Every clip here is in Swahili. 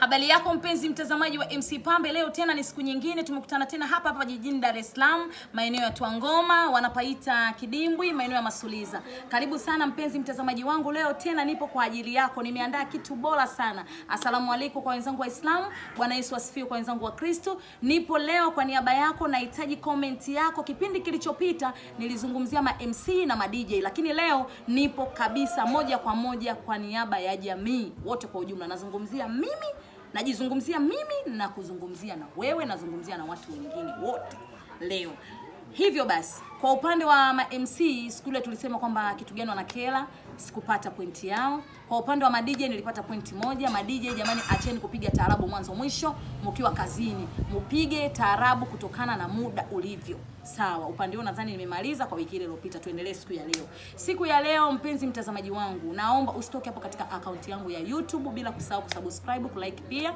Habari yako mpenzi mtazamaji wa MC Pambe, leo tena ni siku nyingine tumekutana tena hapa hapa jijini Dar es Salaam, maeneo ya Twangoma wanapaita Kidimbwi, maeneo ya Masuliza. Karibu sana mpenzi mtazamaji wangu, leo tena nipo kwa ajili yako, nimeandaa kitu bora sana. Asalamu alaikum kwa wenzangu wa Islam, Bwana Yesu asifiwe kwa wenzangu wa Kristo. Nipo leo kwa niaba yako, nahitaji comment yako. Kipindi kilichopita nilizungumzia ma MC na ma DJ, lakini leo nipo kabisa moja kwa moja kwa niaba ya jamii wote kwa ujumla, nazungumzia mimi Najizungumzia mimi, na kuzungumzia na wewe, nazungumzia na watu wengine wote leo. Hivyo basi kwa upande wa ma MC siku ile tulisema kwamba kitu gani wanakela, sikupata pointi yao. Kwa upande wa ma DJ nilipata pointi moja. Ma DJ jamani, acheni kupiga taarabu mwanzo mwisho mkiwa kazini, mupige taarabu kutokana na muda ulivyo. Sawa, upande huo nadhani nimemaliza kwa wiki ile iliyopita. Tuendelee siku ya leo. Siku ya leo, mpenzi mtazamaji wangu, naomba usitoke hapo katika akaunti yangu ya YouTube bila kusahau kusubscribe, kulike pia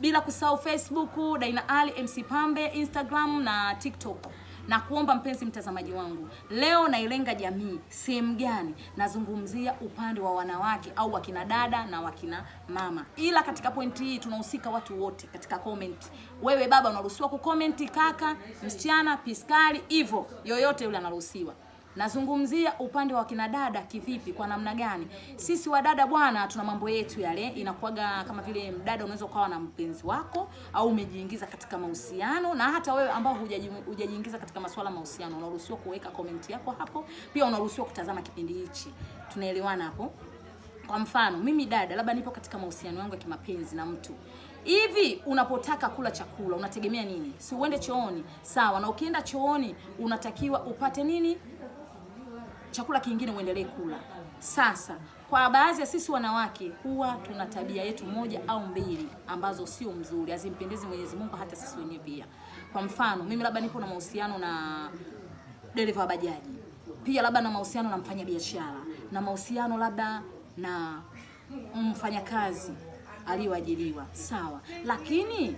bila kusahau Facebook Daina Ali MC Pambe, Instagram na TikTok na kuomba mpenzi mtazamaji wangu, leo nailenga jamii sehemu gani? Nazungumzia upande wa wanawake au wakina dada na wakina mama, ila katika pointi hii tunahusika watu wote katika comment. Wewe baba unaruhusiwa kukomenti, kaka, msichana, piskali, hivyo yoyote yule anaruhusiwa. Nazungumzia upande wa kina dada kivipi, kwa namna gani? Sisi wadada bwana, tuna mambo yetu yale, inakuwaga kama vile mdada unaweza ukawa na mpenzi wako au umejiingiza katika mahusiano, na hata wewe ambao hujajiingiza katika masuala mahusiano, unaruhusiwa kuweka komenti yako hapo, pia unaruhusiwa kutazama kipindi hichi. Tunaelewana hapo? Kwa mfano mimi dada, labda nipo katika mahusiano yangu ya kimapenzi na mtu hivi. Unapotaka kula chakula unategemea nini? Si uende chooni, sawa? Na ukienda chooni unatakiwa upate nini? chakula kingine uendelee kula. Sasa kwa baadhi ya sisi wanawake huwa tuna tabia yetu moja au mbili ambazo sio mzuri, hazimpendezi Mwenyezi Mungu hata sisi wenyewe pia. Kwa mfano mimi labda nipo na mahusiano na dereva wa bajaji, pia labda na mahusiano na mfanyabiashara, na mahusiano labda na mfanyakazi aliyoajiriwa, sawa. Lakini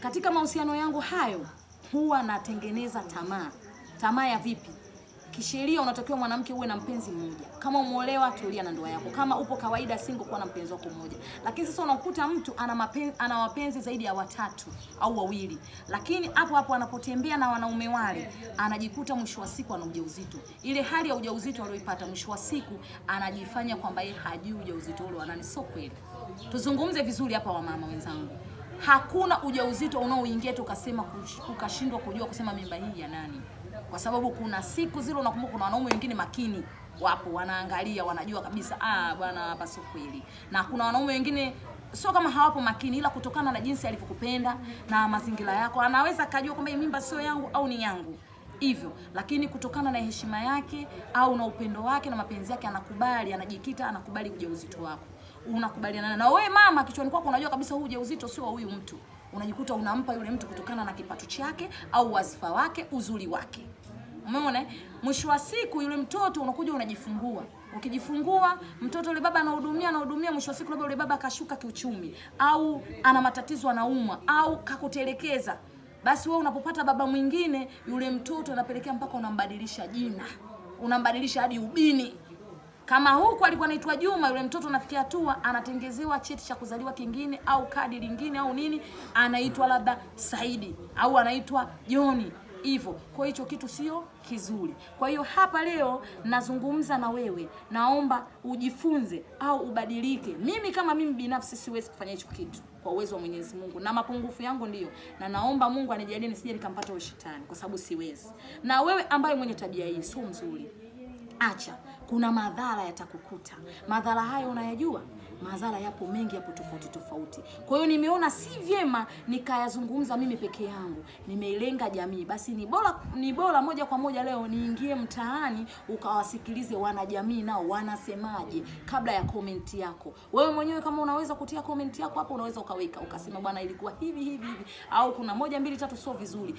katika mahusiano yangu hayo huwa natengeneza tamaa. Tamaa ya vipi? kisheria unatakiwa mwanamke uwe na mpenzi mmoja. Kama umeolewa, tulia na ndoa yako. Kama upo kawaida single, kuwa na mpenzi wako mmoja. Lakini sasa unakuta mtu ana mapenzi, ana wapenzi zaidi ya watatu au wawili, lakini hapo hapo anapotembea na wanaume wale anajikuta mwisho wa siku ana ujauzito. Ile hali ya ujauzito aliyoipata, mwisho wa siku anajifanya kwamba yeye hajui ujauzito ule anani. Sio kweli. Tuzungumze vizuri hapa, wamama wenzangu. Hakuna ujauzito unaoingia tu ukasema ukashindwa kujua kusema mimba hii ya nani kwa sababu kuna siku zile unakumbuka, kuna wanaume wengine makini wapo wanaangalia, wanajua kabisa ah, bwana hapa sio kweli, na kuna wanaume wengine sio kama hawapo makini, ila kutokana na jinsi alivyokupenda na mazingira yako anaweza akajua kwamba mimba sio yangu au ni yangu hivyo lakini, kutokana na heshima yake au na upendo wake na mapenzi yake, anakubali, anajikita, anakubali ujauzito wako. Unakubaliana na wewe mama, kichwani kwako unajua kabisa huu ujauzito sio wa huyu mtu, unajikuta unampa yule mtu kutokana na kipato chake au wadhifa wake, uzuri wake. Umeona, eh? mwisho wa siku yule mtoto unakuja unajifungua. Ukijifungua mtoto yule baba anahudumia anahudumia, mwisho wa siku labda yule baba akashuka kiuchumi, au ana matatizo, anaumwa au kakutelekeza, basi wewe unapopata baba mwingine, yule mtoto anapelekea mpaka unambadilisha jina, unambadilisha hadi ubini kama huku alikuwa anaitwa Juma, yule mtoto nafikia hatua anatengezewa cheti cha kuzaliwa kingine au kadi lingine au nini, anaitwa labda Saidi au anaitwa Joni hivyo. Kwa hicho kitu sio kizuri. Kwa hiyo hapa leo nazungumza na wewe, naomba ujifunze au ubadilike. Mimi kama mimi binafsi siwezi kufanya hicho kitu kwa uwezo wa Mwenyezi Mungu na mapungufu yangu ndiyo, na naomba Mungu anijalie nisije nikampata huyo shetani, kwa sababu siwezi. Na wewe ambaye mwenye tabia hii sio mzuri, acha, kuna madhara yatakukuta. Madhara hayo unayajua? madhara yapo mengi, yapo tofauti tofauti. Kwa hiyo nimeona si vyema nikayazungumza mimi peke yangu, nimeilenga jamii. Basi ni bora ni bora moja kwa moja leo niingie mtaani, ukawasikilize wanajamii nao wanasemaje, kabla ya komenti yako wewe mwenyewe. Kama unaweza kutia komenti yako hapo, unaweza ukaweka ukasema, bwana, ilikuwa hivi hivi hivi, au kuna moja mbili tatu, sio vizuri,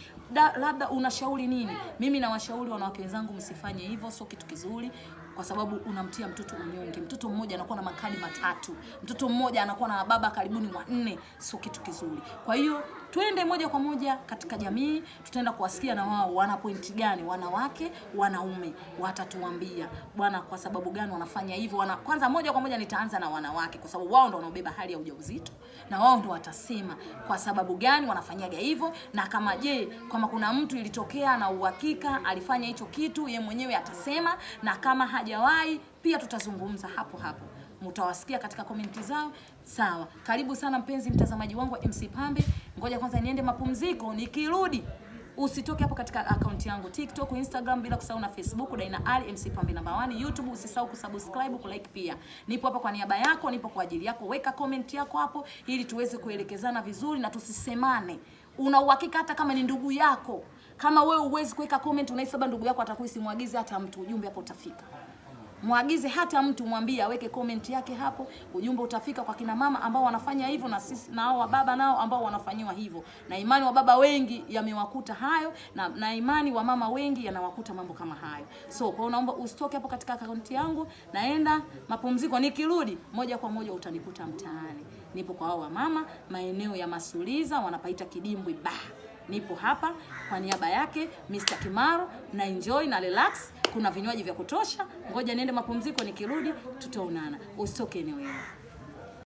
labda unashauri nini? Mimi nawashauri wanawake wenzangu, msifanye hivyo, sio kitu kizuri kwa sababu unamtia mtoto unyonge. Mtoto mmoja anakuwa na makadi matatu, mtoto mmoja anakuwa na baba karibuni wanne, sio kitu kizuri. Kwa hiyo twende moja kwa moja katika jamii, tutaenda kuwasikia na wao wana pointi gani, wanawake wanaume, watatuambia bwana, kwa sababu gani wanafanya hivyo. Wana kwanza, moja kwa moja nitaanza na wanawake, kwa sababu wao ndo wanaobeba hali ya ujauzito na wao ndo watasema kwa sababu gani wanafanyaga hivyo, na kama je, kama kuna mtu ilitokea na uhakika alifanya hicho kitu, ye mwenyewe atasema, na kama hajawahi pia tutazungumza hapo hapo mtawasikia katika komenti zao. Sawa, karibu sana mpenzi mtazamaji wangu wa MC Pambe. Ngoja kwanza niende mapumziko, nikirudi Usitoke hapo katika akaunti yangu TikTok, Instagram, bila kusahau na Facebook Daina Ali MC Pambe namba 1, YouTube usisahau kusubscribe, kulike pia. Nipo hapa kwa niaba yako, nipo kwa ajili yako. Weka comment yako hapo ili tuweze kuelekezana vizuri na tusisemane. Una uhakika hata kama ni ndugu yako, kama wewe uwezi kuweka comment unaisaba ndugu yako atakuwa muagize hata mtu, ujumbe hapo utafika. Mwagize hata mtu mwambie aweke comment yake hapo, ujumbe utafika kwa kina mama ambao wanafanya hivyo na sisi na wa baba nao ambao wanafanyiwa hivyo. Na imani wababa wengi yamewakuta hayo na, na imani wamama wengi yanawakuta mambo kama hayo. So kwa naomba usitoke hapo katika akaunti yangu, naenda mapumziko, nikirudi moja kwa moja utanikuta mtaani. Nipo kwa hao mama maeneo ya Masuliza wanapaita Kidimbwi ba. Nipo hapa kwa niaba yake Mr. Kimaro na enjoy na relax kuna vinywaji vya kutosha, ngoja niende mapumziko, nikirudi tutaonana. Usitoke eneo hilo.